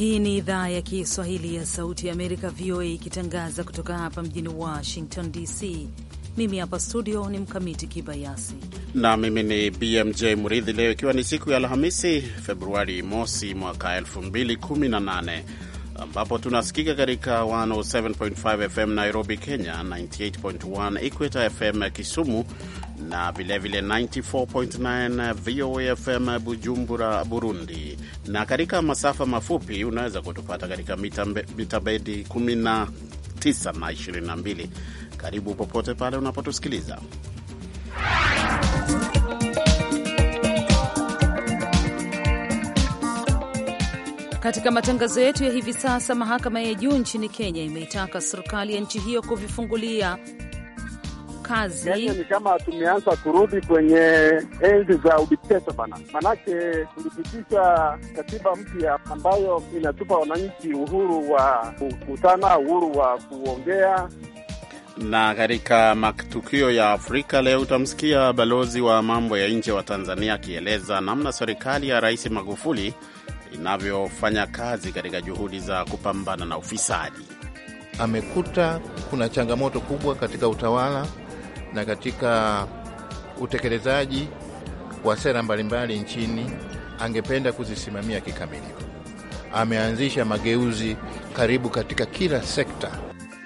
Hii ni idhaa ya Kiswahili ya Sauti ya Amerika, VOA, ikitangaza kutoka hapa mjini Washington DC. Mimi hapa studio ni Mkamiti Kibayasi na mimi ni BMJ Muridhi. Leo ikiwa ni siku ya Alhamisi, Februari mosi mwaka 2018 ambapo tunasikika katika 107.5 FM Nairobi, Kenya, 98.1 Equator FM Kisumu, na vilevile 94.9 VOA FM Bujumbura, Burundi, na katika masafa mafupi unaweza kutupata katika mita bendi 19 na 22. Karibu popote pale unapotusikiliza. Katika matangazo yetu ya hivi sasa, mahakama ya juu nchini Kenya imeitaka serikali ya nchi hiyo kuvifungulia kazi. Kenya yaani ni kama tumeanza kurudi kwenye enzi za udikteta bana, manake tulipitisha katiba mpya ambayo inatupa wananchi uhuru wa kukutana, uhuru wa kuongea na katika matukio ya Afrika leo utamsikia balozi wa mambo ya nje wa Tanzania akieleza namna serikali ya Rais Magufuli inavyofanya kazi katika juhudi za kupambana na ufisadi. Amekuta kuna changamoto kubwa katika utawala na katika utekelezaji wa sera mbalimbali nchini angependa kuzisimamia kikamilifu. Ameanzisha mageuzi karibu katika kila sekta.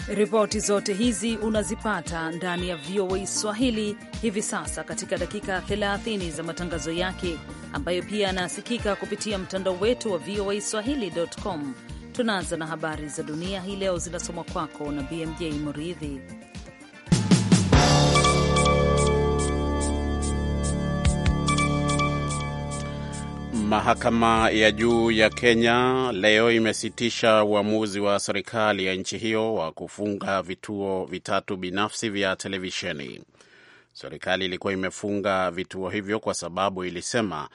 Ripoti zote hizi unazipata ndani ya VOA Swahili hivi sasa katika dakika 30 za matangazo yake ambayo pia anaasikika kupitia mtandao wetu wa VOA Swahili.com. Tunaanza na habari za dunia hii leo, zinasomwa kwako na BMJ Muridhi. Mahakama ya juu ya Kenya leo imesitisha uamuzi wa serikali ya nchi hiyo wa kufunga vituo vitatu binafsi vya televisheni. Serikali ilikuwa imefunga vituo hivyo kwa sababu ilisema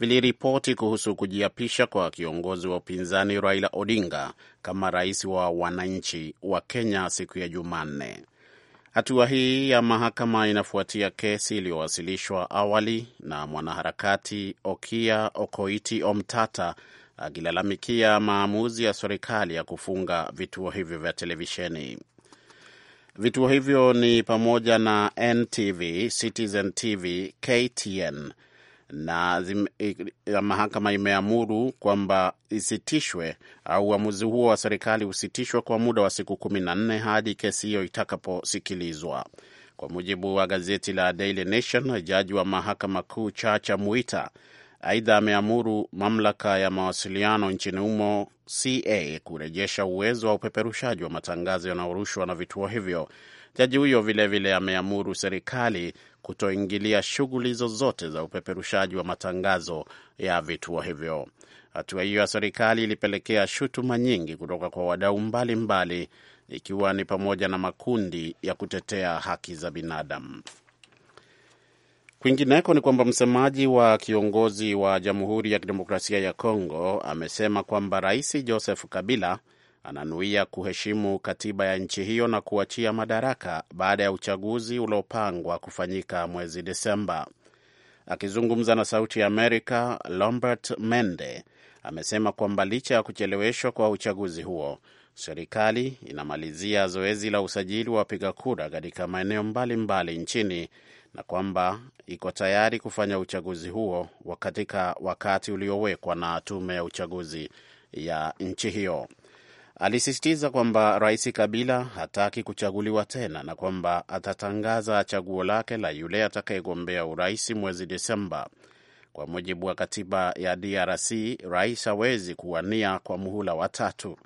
viliripoti kuhusu kujiapisha kwa kiongozi wa upinzani Raila Odinga kama rais wa wananchi wa Kenya siku ya Jumanne. Hatua hii ya mahakama inafuatia kesi iliyowasilishwa awali na mwanaharakati Okia Okoiti Omtata akilalamikia maamuzi ya serikali ya kufunga vituo hivyo vya televisheni. Vituo hivyo ni pamoja na NTV, Citizen TV, KTN, na zim, mahakama imeamuru kwamba isitishwe au uamuzi huo wa serikali usitishwe kwa muda wa siku kumi na nne hadi kesi hiyo itakaposikilizwa. Kwa mujibu wa gazeti la Daily Nation, jaji wa mahakama kuu Chacha Mwita aidha ameamuru mamlaka ya mawasiliano nchini humo CA kurejesha uwezo wa upeperushaji wa matangazo yanayorushwa na vituo hivyo Jaji huyo vilevile ameamuru serikali kutoingilia shughuli zozote za upeperushaji wa matangazo ya vituo hivyo. Hatua hiyo ya serikali ilipelekea shutuma nyingi kutoka kwa wadau mbalimbali, ikiwa ni pamoja na makundi ya kutetea haki za binadamu. Kwingineko ni kwamba msemaji wa kiongozi wa Jamhuri ya Kidemokrasia ya Kongo amesema kwamba Rais Joseph Kabila ananuia kuheshimu katiba ya nchi hiyo na kuachia madaraka baada ya uchaguzi uliopangwa kufanyika mwezi Desemba. Akizungumza na Sauti ya Amerika, Lambert Mende amesema kwamba licha ya kucheleweshwa kwa uchaguzi huo, serikali inamalizia zoezi la usajili wa wapiga kura katika maeneo mbalimbali nchini na kwamba iko tayari kufanya uchaguzi huo katika wakati uliowekwa na tume ya uchaguzi ya nchi hiyo. Alisisitiza kwamba Rais Kabila hataki kuchaguliwa tena na kwamba atatangaza chaguo lake la yule atakayegombea urais mwezi Desemba. Kwa mujibu wa katiba ya DRC, rais hawezi kuwania kwa muhula wa tatu.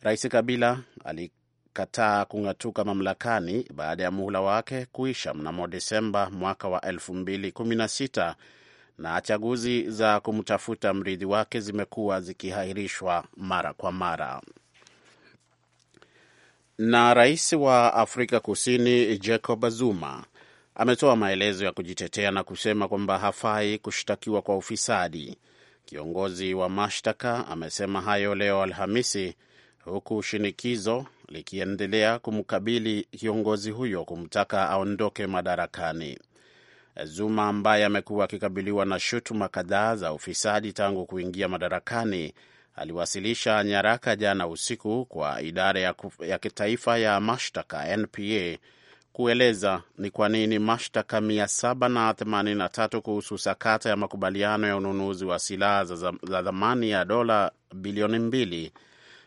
Rais Kabila alikataa kung'atuka mamlakani baada ya muhula wake kuisha mnamo Desemba mwaka wa 2016 na chaguzi za kumtafuta mrithi wake zimekuwa zikiahirishwa mara kwa mara. Na rais wa Afrika Kusini Jacob Zuma ametoa maelezo ya kujitetea na kusema kwamba hafai kushtakiwa kwa ufisadi. Kiongozi wa mashtaka amesema hayo leo Alhamisi, huku shinikizo likiendelea kumkabili kiongozi huyo kumtaka aondoke madarakani. Zuma ambaye amekuwa akikabiliwa na shutuma kadhaa za ufisadi tangu kuingia madarakani aliwasilisha nyaraka jana usiku kwa idara ya, ya kitaifa ya mashtaka NPA kueleza ni kwa nini mashtaka 783 kuhusu sakata ya makubaliano ya ununuzi wa silaha za dhamani ya dola bilioni mbili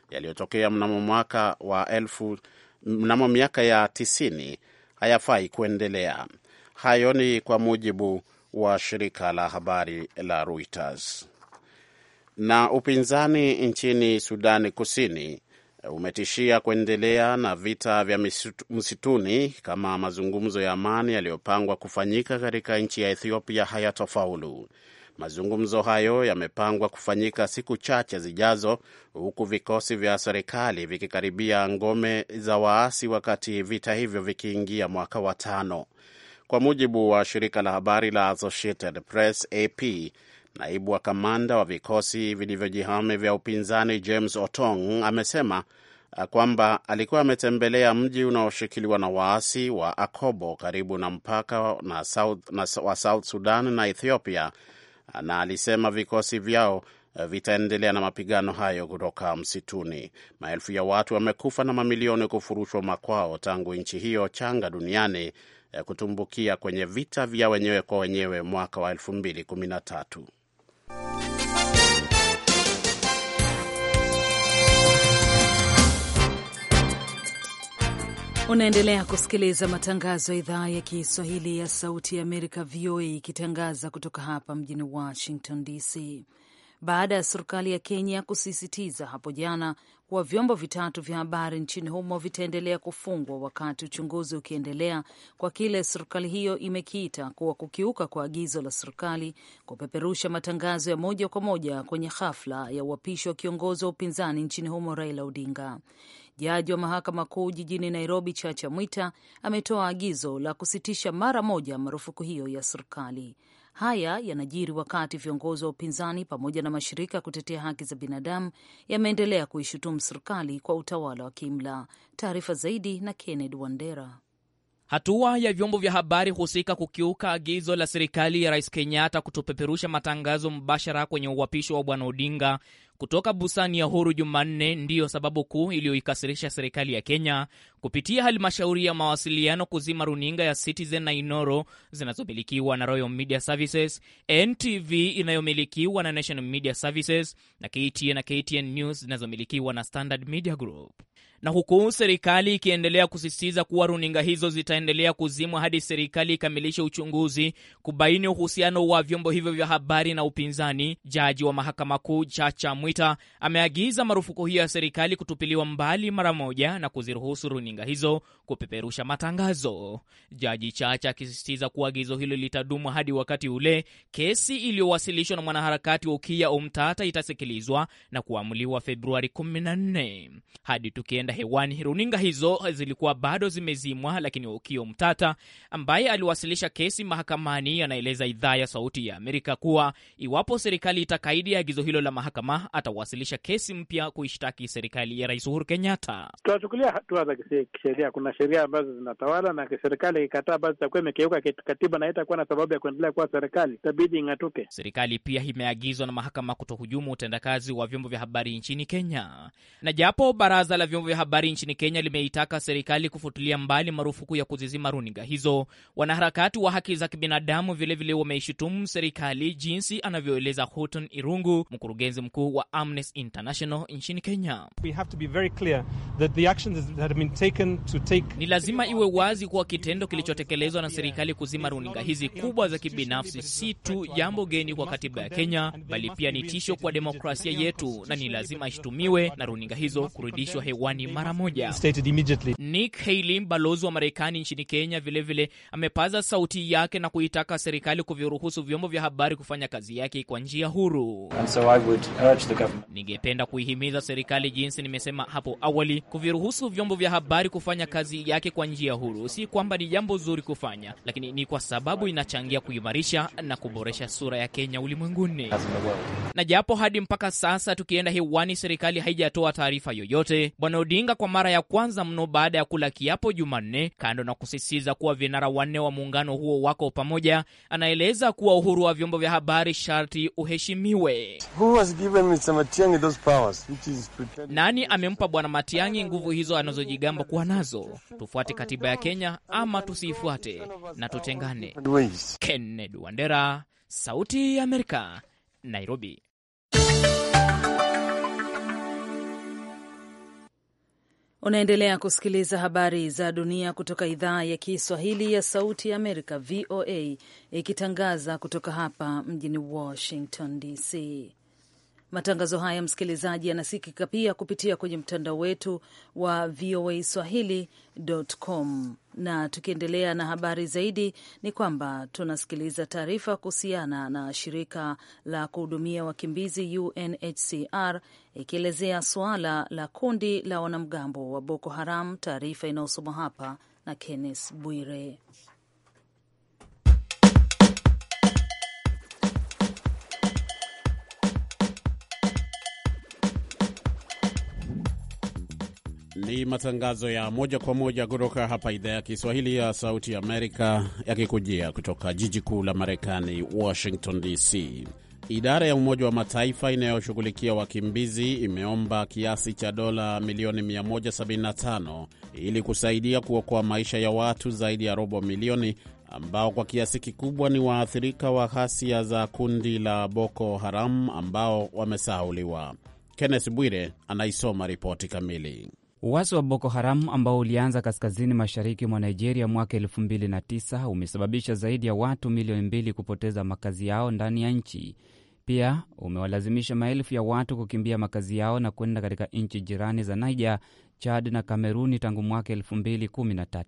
yaliyotokea mnamo mwaka wa elfu mnamo miaka ya 90 hayafai kuendelea. Hayo ni kwa mujibu wa shirika la habari la Reuters. Na upinzani nchini Sudani Kusini eh, umetishia kuendelea na vita vya msituni kama mazungumzo ya amani yaliyopangwa kufanyika katika nchi ya Ethiopia hayatofaulu. Mazungumzo hayo yamepangwa kufanyika siku chache zijazo, huku vikosi vya serikali vikikaribia ngome za waasi, wakati vita hivyo vikiingia mwaka wa tano, kwa mujibu wa shirika la habari la Associated Press AP naibu wa kamanda wa vikosi vilivyojihami vya upinzani James Otong amesema uh, kwamba alikuwa ametembelea mji unaoshikiliwa na waasi wa Akobo karibu na mpaka na South, na, wa South Sudan na Ethiopia, uh, na alisema vikosi vyao uh, vitaendelea na mapigano hayo kutoka msituni. Maelfu ya watu wamekufa na mamilioni kufurushwa makwao tangu nchi hiyo changa duniani kutumbukia kwenye vita vya wenyewe kwa wenyewe mwaka wa 213 Unaendelea kusikiliza matangazo ya idhaa ya Kiswahili ya Sauti ya Amerika, VOA, ikitangaza kutoka hapa mjini Washington DC. Baada ya serikali ya Kenya kusisitiza hapo jana kuwa vyombo vitatu vya habari nchini humo vitaendelea kufungwa wakati uchunguzi ukiendelea kwa kile serikali hiyo imekiita kuwa kukiuka kwa agizo la serikali kupeperusha matangazo ya moja kwa moja kwenye hafla ya uapisho wa kiongozi wa upinzani nchini humo Raila Odinga. Jaji wa mahakama kuu jijini Nairobi, Chacha Mwita ametoa agizo la kusitisha mara moja marufuku hiyo ya serikali. Haya yanajiri wakati viongozi wa upinzani pamoja na mashirika ya kutetea haki za binadamu yameendelea kuishutumu serikali kwa utawala wa kiimla. Taarifa zaidi na kenned Wandera. Hatua ya vyombo vya habari husika kukiuka agizo la serikali ya Rais Kenyatta kutopeperusha matangazo mbashara kwenye uwapisho wa Bwana Odinga kutoka busani ya Huru Jumanne ndiyo sababu kuu iliyoikasirisha serikali ya Kenya kupitia halmashauri ya mawasiliano kuzima runinga ya Citizen na Inoro zinazomilikiwa na Royal Media Services, NTV inayomilikiwa na National Media Services na KTN na KTN News zinazomilikiwa na Standard Media Group na huku serikali ikiendelea kusisitiza kuwa runinga hizo zitaendelea kuzimwa hadi serikali ikamilishe uchunguzi kubaini uhusiano wa vyombo hivyo vya habari na upinzani, jaji wa mahakama kuu Chacha Mwita ameagiza marufuku hiyo ya serikali kutupiliwa mbali mara moja na kuziruhusu runinga hizo kupeperusha matangazo, jaji Chacha akisisitiza kuwa agizo hilo litadumu hadi wakati ule kesi iliyowasilishwa na mwanaharakati wa Ukia Omtata itasikilizwa na kuamuliwa Februari 14 hadi tukienda kwenda hewani, runinga hizo zilikuwa bado zimezimwa, lakini Ukio Mtata ambaye aliwasilisha kesi mahakamani anaeleza idhaa ya Sauti ya Amerika kuwa iwapo serikali itakaidi agizo hilo la mahakama, atawasilisha kesi mpya kuishtaki serikali ya Rais Uhuru Kenyatta. Tunachukulia hatua za kisheria, kuna sheria ambazo zinatawala, na serikali ikikataa, basi itakuwa imekeuka katiba na itakuwa na sababu ya kuendelea kuwa serikali, itabidi ing'atuke. Serikali pia imeagizwa na mahakama kutohujumu utendakazi wa vyombo vya habari nchini Kenya, na japo baraza la vyombo vya habari nchini Kenya limeitaka serikali kufutilia mbali marufuku ya kuzizima runinga hizo. Wanaharakati wa haki za kibinadamu vilevile wameishutumu serikali jinsi anavyoeleza Houghton Irungu, mkurugenzi mkuu wa Amnesty International nchini Kenya. ni lazima iwe wazi kuwa kitendo kilichotekelezwa na serikali kuzima runinga hizi kubwa za kibinafsi si tu jambo geni kwa katiba ya Kenya, bali pia ni tisho kwa demokrasia yetu, na ni lazima ishutumiwe na runinga hizo kurudishwa hewani mara moja. Nick Haley, balozi wa Marekani nchini Kenya, vilevile vile, amepaza sauti yake na kuitaka serikali kuviruhusu vyombo vya habari kufanya kazi yake kwa njia huru. So ningependa kuihimiza serikali, jinsi nimesema hapo awali, kuviruhusu vyombo vya habari kufanya kazi yake kwa njia huru. Si kwamba ni jambo zuri kufanya, lakini ni kwa sababu inachangia kuimarisha na kuboresha sura ya Kenya ulimwenguni. Na japo hadi mpaka sasa tukienda hewani, serikali haijatoa taarifa yoyote, Bwana Odinga Odinga kwa mara ya kwanza mno baada ya kula kiapo Jumanne. Kando na kusisitiza kuwa vinara wanne wa muungano huo wako pamoja, anaeleza kuwa uhuru wa vyombo vya habari sharti uheshimiwe. Nani amempa Bwana Matiang'i nguvu hizo anazojigamba kuwa nazo? Tufuate katiba ya Kenya ama tusiifuate na tutengane. Kennedy Wandera, Sauti ya Amerika, Nairobi. Unaendelea kusikiliza habari za dunia kutoka idhaa ya Kiswahili ya Sauti ya Amerika, VOA, ikitangaza kutoka hapa mjini Washington DC. Matangazo haya, msikilizaji, yanasikika pia kupitia kwenye mtandao wetu wa VOA Swahili.com. Na tukiendelea na habari zaidi, ni kwamba tunasikiliza taarifa kuhusiana na shirika la kuhudumia wakimbizi UNHCR ikielezea suala la kundi la wanamgambo wa Boko Haram, taarifa inayosoma hapa na Kenneth Bwire. Ni matangazo ya moja kwa moja kutoka hapa idhaa ya Kiswahili ya Sauti Amerika yakikujia kutoka jiji kuu la Marekani, Washington DC. Idara ya Umoja wa Mataifa inayoshughulikia wakimbizi imeomba kiasi cha dola milioni 175 ili kusaidia kuokoa maisha ya watu zaidi ya robo milioni ambao kwa kiasi kikubwa ni waathirika wa ghasia za kundi la Boko Haram ambao wamesahauliwa. Kenneth Bwire anaisoma ripoti kamili uwasi wa Boko Haram ambao ulianza kaskazini mashariki mwa Nigeria mwaka 2009 umesababisha zaidi ya watu milioni mbili kupoteza makazi yao ndani ya nchi. Pia umewalazimisha maelfu ya watu kukimbia makazi yao na kwenda katika nchi jirani za Niger, Chad na Kameruni tangu mwaka 2013.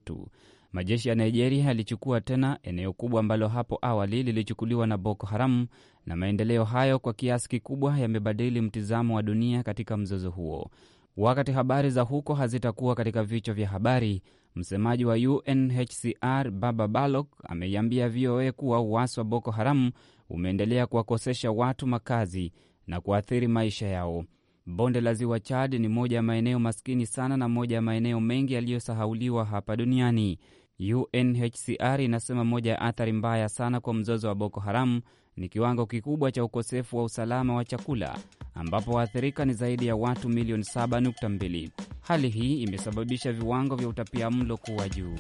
Majeshi ya Nigeria yalichukua tena eneo kubwa ambalo hapo awali lilichukuliwa na Boko Haram, na maendeleo hayo kwa kiasi kikubwa yamebadili mtizamo wa dunia katika mzozo huo. Wakati habari za huko hazitakuwa katika vichwa vya habari, msemaji wa UNHCR Baba Balok ameiambia VOA kuwa uasi wa Boko Haramu umeendelea kuwakosesha watu makazi na kuathiri maisha yao. Bonde la Ziwa Chad ni moja ya maeneo maskini sana na moja ya maeneo mengi yaliyosahauliwa hapa duniani. UNHCR inasema moja ya athari mbaya sana kwa mzozo wa Boko Haramu ni kiwango kikubwa cha ukosefu wa usalama wa chakula ambapo waathirika ni zaidi ya watu milioni 7.2. Hali hii imesababisha viwango vya utapia mlo kuwa juu.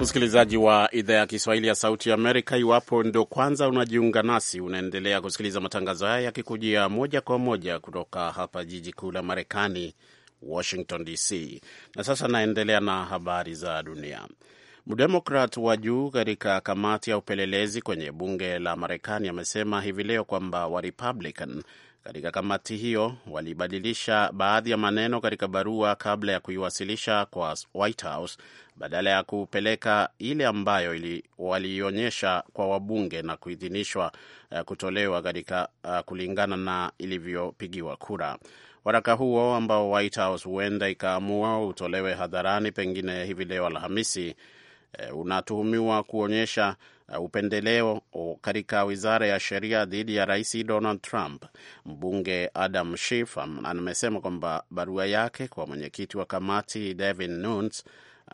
Msikilizaji wa idhaa ya Kiswahili ya Sauti ya Amerika, iwapo ndo kwanza unajiunga nasi, unaendelea kusikiliza matangazo haya yakikujia moja kwa moja kutoka hapa jiji kuu la Marekani, Washington DC. Na sasa naendelea na habari za dunia. Mdemokrat wa juu katika kamati ya upelelezi kwenye bunge la Marekani amesema hivi leo kwamba Warepublican katika kamati hiyo walibadilisha baadhi ya maneno katika barua kabla ya kuiwasilisha kwa White House badala ya kupeleka ile ambayo ili walionyesha kwa wabunge na kuidhinishwa eh, kutolewa katika eh, kulingana na ilivyopigiwa kura. Waraka huo ambao White House huenda ikaamua utolewe hadharani pengine hivi leo Alhamisi, eh, unatuhumiwa kuonyesha Uh, upendeleo uh, katika wizara ya sheria dhidi ya rais Donald Trump. Mbunge Adam Schiff um, amesema kwamba barua yake kwa mwenyekiti wa kamati Devin Nunes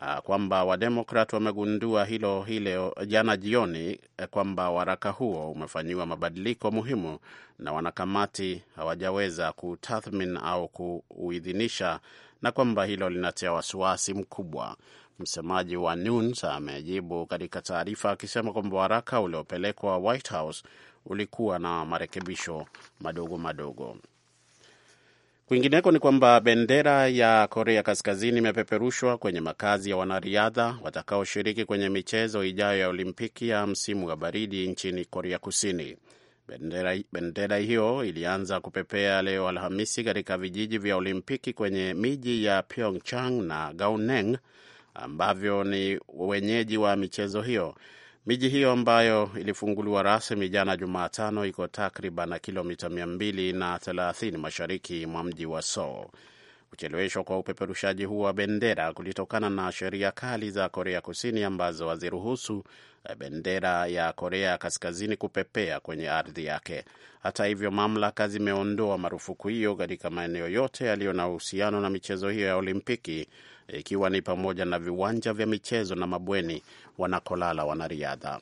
Ah, kwamba Wademokrat wamegundua hilo hii jana jioni eh, kwamba waraka huo umefanyiwa mabadiliko muhimu, na wanakamati hawajaweza kutathmini au kuuidhinisha, na kwamba hilo linatia wasiwasi mkubwa. Msemaji wa NUNS amejibu katika taarifa akisema kwamba waraka uliopelekwa White House ulikuwa na marekebisho madogo madogo. Kwingineko ni kwamba bendera ya Korea Kaskazini imepeperushwa kwenye makazi ya wanariadha watakaoshiriki kwenye michezo ijayo ya Olimpiki ya msimu wa baridi nchini Korea Kusini. Bendera, bendera hiyo ilianza kupepea leo Alhamisi katika vijiji vya Olimpiki kwenye miji ya Pyeongchang na Gauneng ambavyo ni wenyeji wa michezo hiyo. Miji hiyo ambayo ilifunguliwa rasmi jana Jumatano iko takriban kilomita 230 na mashariki mwa mji wa Seoul. Kucheleweshwa kwa upeperushaji huo wa bendera kulitokana na sheria kali za Korea Kusini ambazo haziruhusu eh, bendera ya Korea Kaskazini kupepea kwenye ardhi yake. Hata hivyo, mamlaka zimeondoa marufuku hiyo katika maeneo yote yaliyo na uhusiano na michezo hiyo ya Olimpiki, ikiwa ni pamoja na viwanja vya michezo na mabweni wanakolala wanariadha.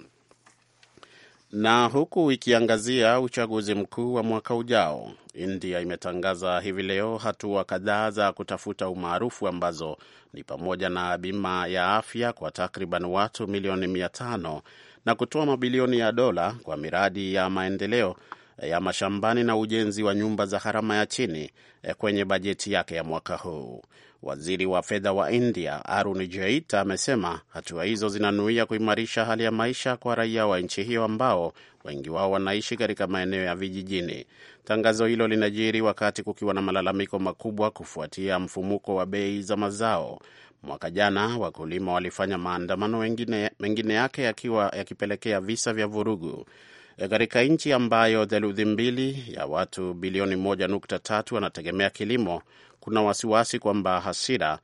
Na huku ikiangazia uchaguzi mkuu wa mwaka ujao, India imetangaza hivi leo hatua kadhaa za kutafuta umaarufu ambazo ni pamoja na bima ya afya kwa takriban watu milioni mia tano na kutoa mabilioni ya dola kwa miradi ya maendeleo eh, ya mashambani na ujenzi wa nyumba za gharama ya chini eh, kwenye bajeti yake ya mwaka huu. Waziri wa fedha wa India Arun Jaitley amesema hatua hizo zinanuia kuimarisha hali ya maisha kwa raia wa nchi hiyo ambao wengi wao wanaishi katika maeneo ya vijijini. Tangazo hilo linajiri wakati kukiwa na malalamiko makubwa kufuatia mfumuko wa bei za mazao. Mwaka jana wakulima walifanya maandamano mengine yake yakiwa yakipelekea visa vya vurugu katika nchi ambayo theluthi mbili ya watu bilioni 1.3 wanategemea kilimo, kuna wasiwasi kwamba hasira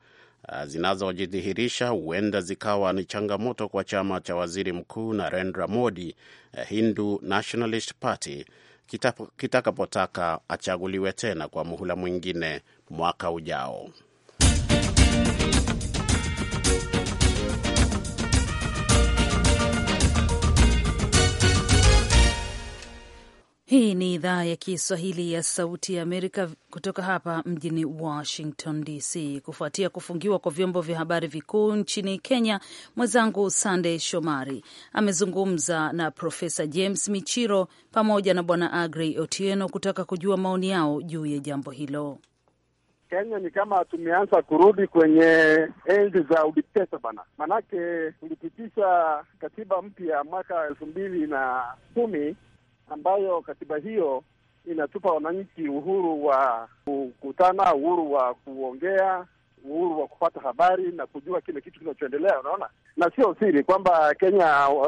ah, zinazojidhihirisha huenda zikawa ni changamoto kwa chama cha waziri mkuu Narendra Modi, eh, Hindu Nationalist Party, kitakapotaka achaguliwe tena kwa muhula mwingine mwaka ujao. Hii ni idhaa ya Kiswahili ya Sauti ya Amerika kutoka hapa mjini Washington DC. Kufuatia kufungiwa kwa vyombo vya habari vikuu nchini Kenya, mwenzangu Sandey Shomari amezungumza na Profesa James Michiro pamoja na Bwana Agrey Otieno kutaka kujua maoni yao juu ya jambo hilo. Kenya ni kama tumeanza kurudi kwenye enzi za udikteta bana, manake tulipitisha katiba mpya mwaka elfu mbili na kumi ambayo katiba hiyo inatupa wananchi uhuru wa kukutana, uhuru wa kuongea, uhuru wa kupata habari na kujua kile kitu kinachoendelea. Unaona, na sio siri kwamba Kenya,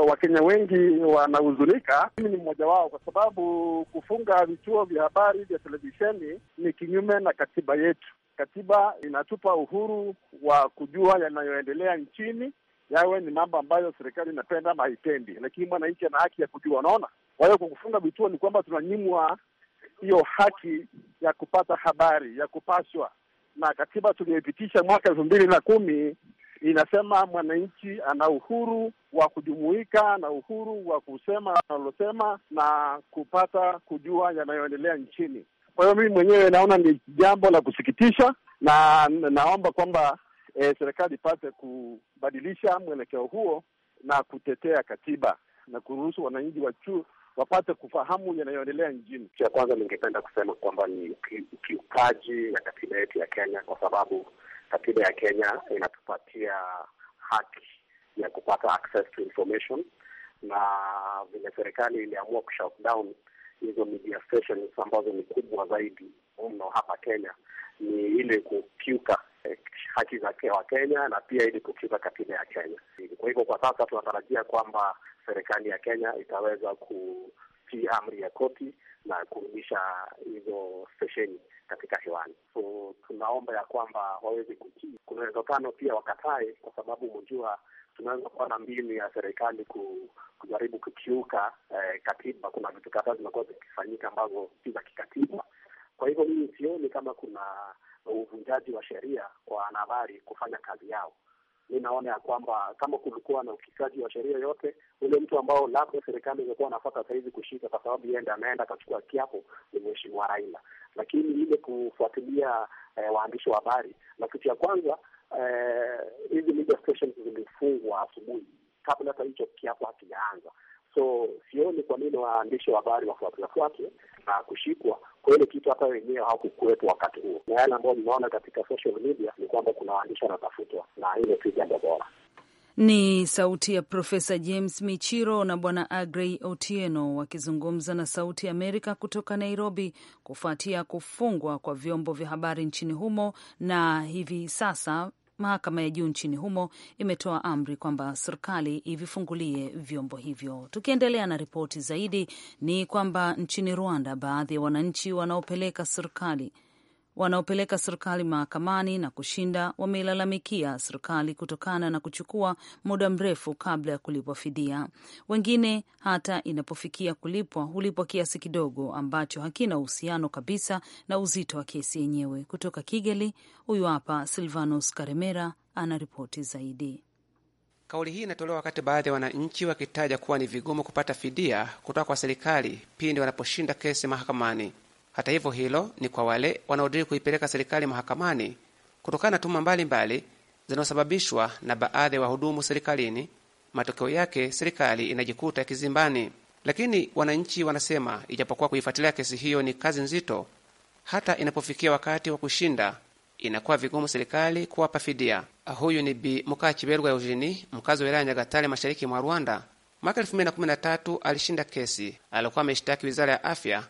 Wakenya wengi wanahuzunika. Mimi ni mmoja wao, kwa sababu kufunga vituo vya habari vya televisheni ni kinyume na katiba yetu. Katiba inatupa uhuru wa kujua yanayoendelea nchini yawe ni mambo ambayo serikali inapenda ama haipendi, lakini mwananchi ana haki ya kujua. Unaona, kwa hiyo kwa kufunga vituo ni kwamba tunanyimwa hiyo haki ya kupata habari ya kupashwa, na katiba tuliyoipitisha mwaka elfu mbili na kumi inasema mwananchi ana uhuru wa kujumuika na uhuru wa kusema analosema na kupata kujua yanayoendelea nchini. Kwa hiyo mimi mwenyewe naona ni jambo la kusikitisha, na naomba kwamba e, serikali ipate kubadilisha mwelekeo huo na kutetea katiba na kuruhusu wananchi chuu wapate kufahamu yanayoendelea nchini. Cha kwanza ningependa kusema kwamba ni ukiukaji ya katiba yetu ya Kenya, kwa sababu katiba ya Kenya inatupatia haki ya kupata access to information, na vile serikali iliamua kushutdown hizo media stations ambazo ni kubwa zaidi mno hapa Kenya, ni ile kukiuka haki za Wakenya na pia ili kukiuka katiba ya Kenya. Kwa hivyo kwa sasa tunatarajia kwamba serikali ya Kenya itaweza kutii amri ya koti na kurudisha hizo stesheni katika hewani. So tunaomba ya kwamba waweze kutii. Kuna uwezekano pia wakatae, kwa sababu mjua tunaweza kuwa na mbinu ya serikali kujaribu kukiuka eh, katiba. Kuna vitu kadhaa zimekuwa zikifanyika ambazo si za kikatiba. Kwa hivyo mimi sioni kama kuna uvunjaji wa sheria kwa wanahabari kufanya kazi yao. Mi naona ya kwamba kama kulikuwa na ukiukaji wa sheria yote, ule mtu ambao labda serikali ingekuwa nafata sahizi kushika kwa sababu yeye ndiye ameenda akachukua kiapo ni mheshimiwa Raila, lakini ile kufuatilia eh, waandishi wa habari na kitu ya kwanza eh, hizi eh, media stations zilifungwa asubuhi kabla hata hicho kiapo hakijaanza. So sioni kwa nini waandishi wa habari kwake na kushikwa kwa ile kitu, hata wenyewe hawakukuwepo wakati huo, na yale ambayo ninaona katika social media ni kwamba kuna waandishi wanatafutwa, na hilo si jambo bora. Ni sauti ya Profesa James Michiro na Bwana Agrey Otieno wakizungumza na Sauti ya Amerika kutoka Nairobi kufuatia kufungwa kwa vyombo vya habari nchini humo na hivi sasa mahakama ya juu nchini humo imetoa amri kwamba serikali ivifungulie vyombo hivyo. Tukiendelea na ripoti zaidi, ni kwamba nchini Rwanda baadhi ya wananchi wanaopeleka serikali wanaopeleka serikali mahakamani na kushinda wameilalamikia serikali kutokana na kuchukua muda mrefu kabla ya kulipwa fidia. Wengine hata inapofikia kulipwa hulipwa kiasi kidogo ambacho hakina uhusiano kabisa na uzito wa kesi yenyewe. Kutoka Kigali, huyu hapa Silvanus Karemera ana ripoti zaidi. Kauli hii inatolewa wakati baadhi ya wananchi wakitaja kuwa ni vigumu kupata fidia kutoka kwa serikali pindi wanaposhinda kesi mahakamani. Hata hivyo, hilo ni kwa wale wanaodiri kuipeleka serikali mahakamani kutokana na tuma mbalimbali zinazosababishwa na baadhi ya wahudumu serikalini. Matokeo yake serikali inajikuta kizimbani. Lakini wananchi wanasema ijapokuwa kuifuatilia kesi hiyo ni kazi nzito, hata inapofikia wakati wa kushinda inakuwa vigumu serikali kuwapa fidia. Huyu ni Bi Mukakiberwa Eugenie, mkazi wa wilaya ya Nyagatale, mashariki mwa Rwanda. Mwaka 1 alishinda kesi aliokuwa ameshtaki wizara ya afya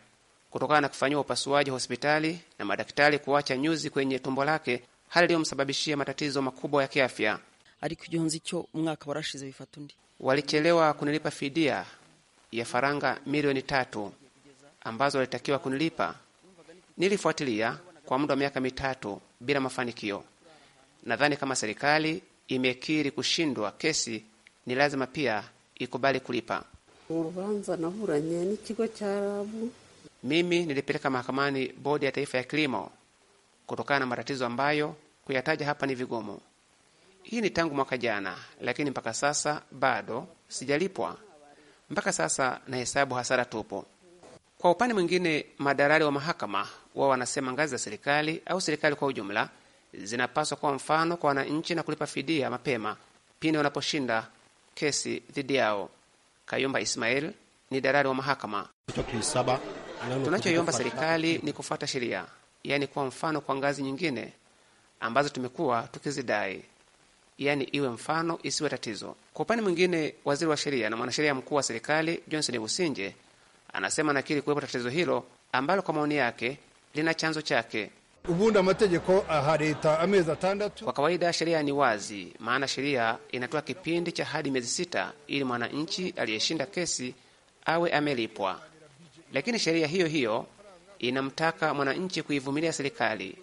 kutokana na kufanyiwa upasuaji hospitali na madaktari kuacha nyuzi kwenye tumbo lake, hali iliyomsababishia matatizo makubwa ya kiafya. Walichelewa kunilipa fidia ya faranga milioni tatu ambazo walitakiwa kunilipa. Nilifuatilia kwa muda wa miaka mitatu bila mafanikio. Nadhani kama serikali imekiri kushindwa kesi, ni lazima pia ikubali kulipa. urubanza naburanye n'ikigo cha rabu mimi nilipeleka mahakamani Bodi ya Taifa ya Kilimo kutokana na matatizo ambayo kuyataja hapa ni vigumu. Hii ni tangu mwaka jana, lakini mpaka sasa bado sijalipwa. Mpaka sasa nahesabu hasara tupo. Kwa upande mwingine, madalali wa mahakama wao wanasema ngazi za serikali au serikali kwa ujumla zinapaswa kuwa mfano kwa wananchi na kulipa fidia mapema pindi wanaposhinda kesi dhidi yao. Kayumba Ismail ni dalali wa mahakama. Tunachoiomba serikali ni kufuata sheria, yaani kuwa mfano kwa ngazi nyingine ambazo tumekuwa tukizidai, yaani iwe mfano, isiwe tatizo. Kwa upande mwingine, waziri wa sheria na mwanasheria mkuu wa serikali Johnson Businje anasema nakiri kuwepo tatizo hilo ambalo kwa maoni yake lina chanzo chake. amezi Kwa kawaida sheria ni wazi, maana sheria inatoa kipindi cha hadi miezi sita ili mwananchi aliyeshinda kesi awe amelipwa. Lakini sheria hiyo hiyo inamtaka mwananchi kuivumilia serikali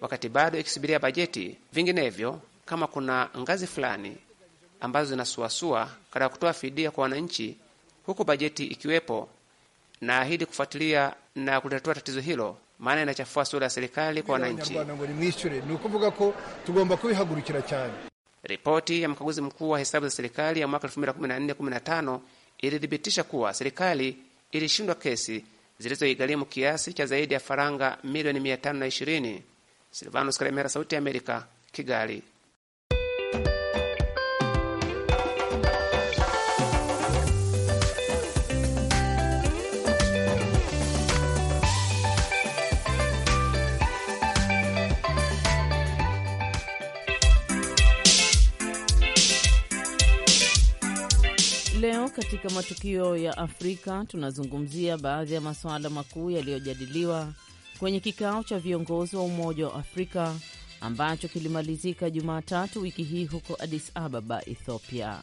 wakati bado ikisubiria bajeti. Vinginevyo, kama kuna ngazi fulani ambazo zinasuasua katika kutoa fidia kwa wananchi, huku bajeti ikiwepo, naahidi kufuatilia na kutatua tatizo hilo, maana inachafua sura ya serikali kwa wananchi. Ripoti ya mkaguzi mkuu wa hesabu za serikali ya mwaka 2014 ilithibitisha kuwa serikali ilishindwa kesi zilizoigharimu kiasi cha zaidi ya faranga milioni 520. Silvanus Kalemera, Sauti ya Amerika, Kigali. katika matukio ya Afrika tunazungumzia baadhi ya masuala makuu yaliyojadiliwa kwenye kikao cha viongozi wa Umoja wa Afrika ambacho kilimalizika Jumatatu wiki hii huko Addis Ababa, Ethiopia.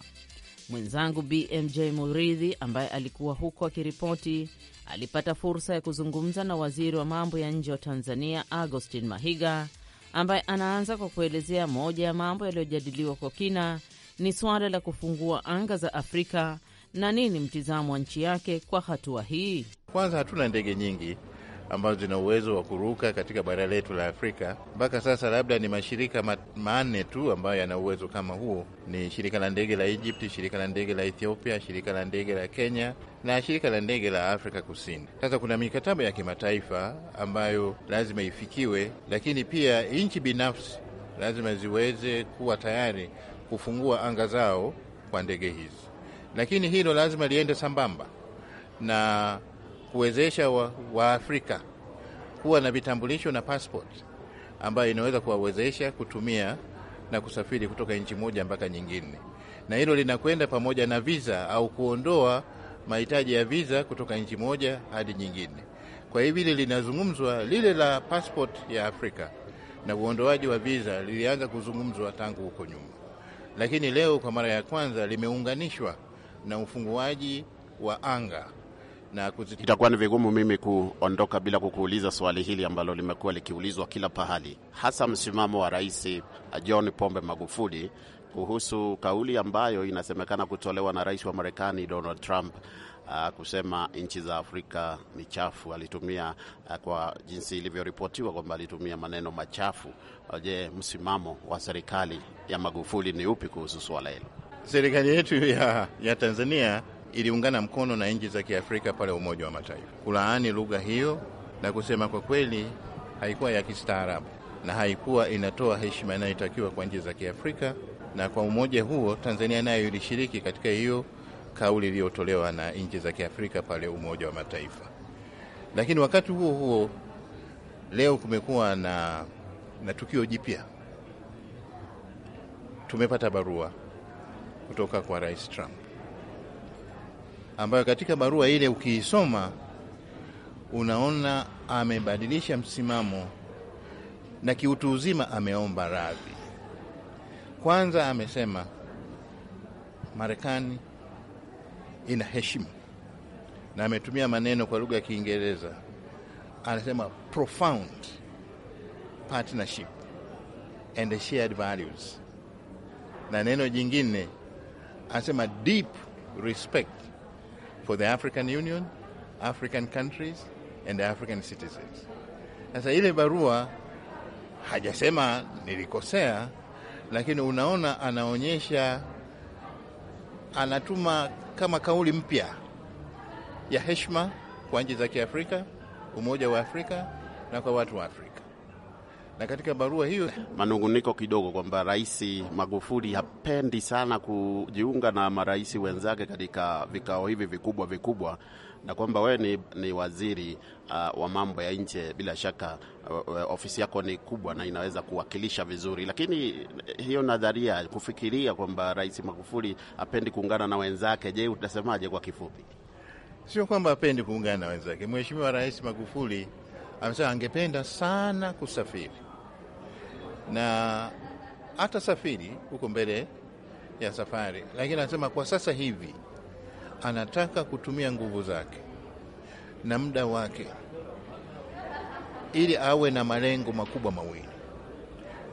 Mwenzangu BMJ Muridhi ambaye alikuwa huko akiripoti alipata fursa ya kuzungumza na waziri wa mambo ya nje wa Tanzania Augustin Mahiga ambaye anaanza kwa kuelezea moja ya mambo yaliyojadiliwa kwa kina ni suala la kufungua anga za Afrika na nini mtizamo wa nchi yake kwa hatua hii? Kwanza, hatuna ndege nyingi ambazo zina uwezo wa kuruka katika bara letu la Afrika mpaka sasa. Labda ni mashirika manne tu ambayo yana uwezo kama huo, ni shirika la ndege la Egypt, shirika la ndege la Ethiopia, shirika la ndege la Kenya na shirika la ndege la Afrika Kusini. Sasa kuna mikataba ya kimataifa ambayo lazima ifikiwe, lakini pia nchi binafsi lazima ziweze kuwa tayari kufungua anga zao kwa ndege hizi lakini hilo lazima liende sambamba na kuwezesha Waafrika wa kuwa na vitambulisho na passport ambayo inaweza kuwawezesha kutumia na kusafiri kutoka nchi moja mpaka nyingine, na hilo linakwenda pamoja na visa au kuondoa mahitaji ya visa kutoka nchi moja hadi nyingine. Kwa hivyo hili linazungumzwa, lile la passport ya Afrika na uondoaji wa visa lilianza kuzungumzwa tangu huko nyuma, lakini leo kwa mara ya kwanza limeunganishwa na ufunguaji wa anga na kuzit... itakuwa ni vigumu mimi kuondoka bila kukuuliza swali hili ambalo limekuwa likiulizwa kila pahali, hasa msimamo wa Rais John Pombe Magufuli kuhusu kauli ambayo inasemekana kutolewa na rais wa Marekani Donald Trump ah, kusema nchi za Afrika ni chafu. Alitumia ah, kwa jinsi ilivyoripotiwa kwamba alitumia maneno machafu. Ah, je, msimamo wa serikali ya Magufuli ni upi kuhusu swala hilo? serikali yetu ya, ya Tanzania iliungana mkono na nchi za Kiafrika pale Umoja wa Mataifa kulaani lugha hiyo na kusema kwa kweli haikuwa ya kistaarabu na haikuwa inatoa heshima inayotakiwa kwa nchi za Kiafrika. Na kwa umoja huo, Tanzania nayo ilishiriki katika hiyo kauli iliyotolewa na nchi za Kiafrika pale Umoja wa Mataifa. Lakini wakati huo huo, leo kumekuwa na, na tukio jipya. Tumepata barua kutoka kwa Rais Trump, ambayo katika barua ile ukiisoma unaona amebadilisha msimamo na kiutu uzima ameomba radhi. Kwanza amesema Marekani ina heshima, na ametumia maneno kwa lugha ya Kiingereza, anasema profound partnership and shared values, na neno jingine anasema deep respect for the African Union, African countries and African citizens. Sasa ile barua hajasema nilikosea, lakini unaona anaonyesha, anatuma kama kauli mpya ya heshima kwa nchi za Kiafrika, umoja wa Afrika na kwa watu wa Afrika na katika barua hiyo manunguniko kidogo kwamba Rais Magufuli hapendi sana kujiunga na marais wenzake katika vikao hivi vikubwa vikubwa, na kwamba wewe ni, ni waziri uh, wa mambo ya nje, bila shaka uh, uh ofisi yako ni kubwa na inaweza kuwakilisha vizuri. Lakini eh, hiyo nadharia kufikiria kwamba Rais Magufuli hapendi kuungana na wenzake, je, utasemaje kwa kifupi? Sio kwamba hapendi kuungana na wenzake. Mheshimiwa Rais Magufuli amesema angependa sana kusafiri na hata safiri huko mbele ya safari, lakini anasema kwa sasa hivi anataka kutumia nguvu zake na muda wake ili awe na malengo makubwa mawili.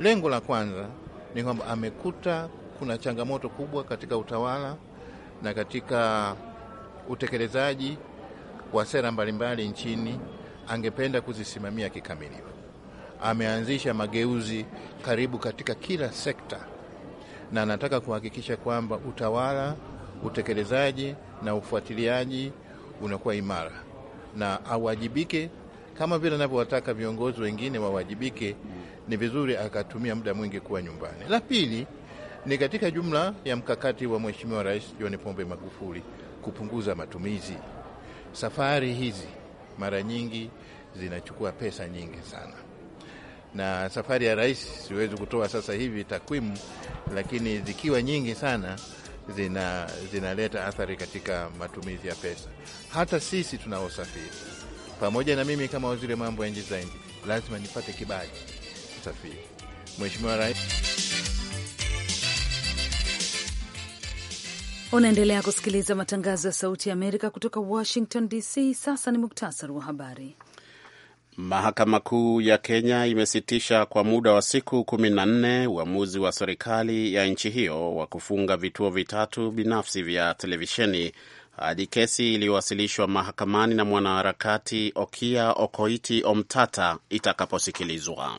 Lengo la kwanza ni kwamba amekuta kuna changamoto kubwa katika utawala na katika utekelezaji wa sera mbalimbali nchini, angependa kuzisimamia kikamilifu ameanzisha mageuzi karibu katika kila sekta, na anataka kuhakikisha kwamba utawala, utekelezaji na ufuatiliaji unakuwa imara na awajibike kama vile anavyowataka viongozi wengine wawajibike. Ni vizuri akatumia muda mwingi kuwa nyumbani. La pili ni katika jumla ya mkakati wa Mheshimiwa Rais John Pombe Magufuli kupunguza matumizi. Safari hizi mara nyingi zinachukua pesa nyingi sana na safari ya rais siwezi kutoa sasa hivi takwimu, lakini zikiwa nyingi sana zina zinaleta athari katika matumizi ya pesa. Hata sisi tunaosafiri pamoja na mimi kama waziri wa mambo ya nje za nje, lazima nipate kibali kusafiri. Mheshimiwa Rais. Unaendelea kusikiliza matangazo ya Sauti ya Amerika kutoka Washington DC. Sasa ni muktasari wa habari. Mahakama Kuu ya Kenya imesitisha kwa muda wa siku kumi na nne uamuzi wa serikali ya nchi hiyo wa kufunga vituo vitatu binafsi vya televisheni hadi kesi iliyowasilishwa mahakamani na mwanaharakati Okia Okoiti Omtata itakaposikilizwa.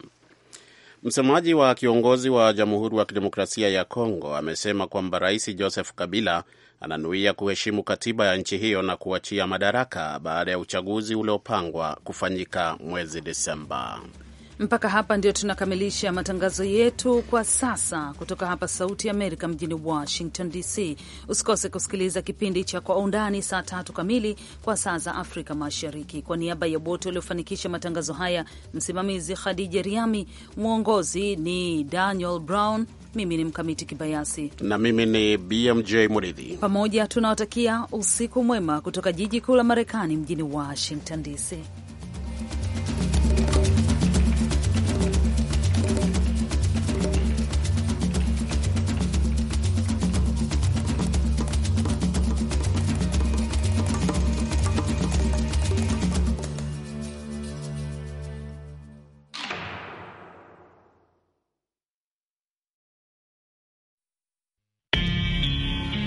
Msemaji wa kiongozi wa Jamhuri ya Kidemokrasia ya Kongo amesema kwamba Rais Joseph Kabila ananuia kuheshimu katiba ya nchi hiyo na kuachia madaraka baada ya uchaguzi uliopangwa kufanyika mwezi Desemba. Mpaka hapa ndio tunakamilisha matangazo yetu kwa sasa, kutoka hapa Sauti ya Amerika mjini Washington DC. Usikose kusikiliza kipindi cha Kwa Undani saa tatu kamili kwa saa za Afrika Mashariki. Kwa niaba ya wote waliofanikisha matangazo haya, msimamizi Khadija Riami, mwongozi ni Daniel Brown. Mimi ni Mkamiti Kibayasi na mimi ni BMJ Muridhi. Pamoja tunawatakia usiku mwema kutoka jiji kuu la Marekani, mjini Washington DC.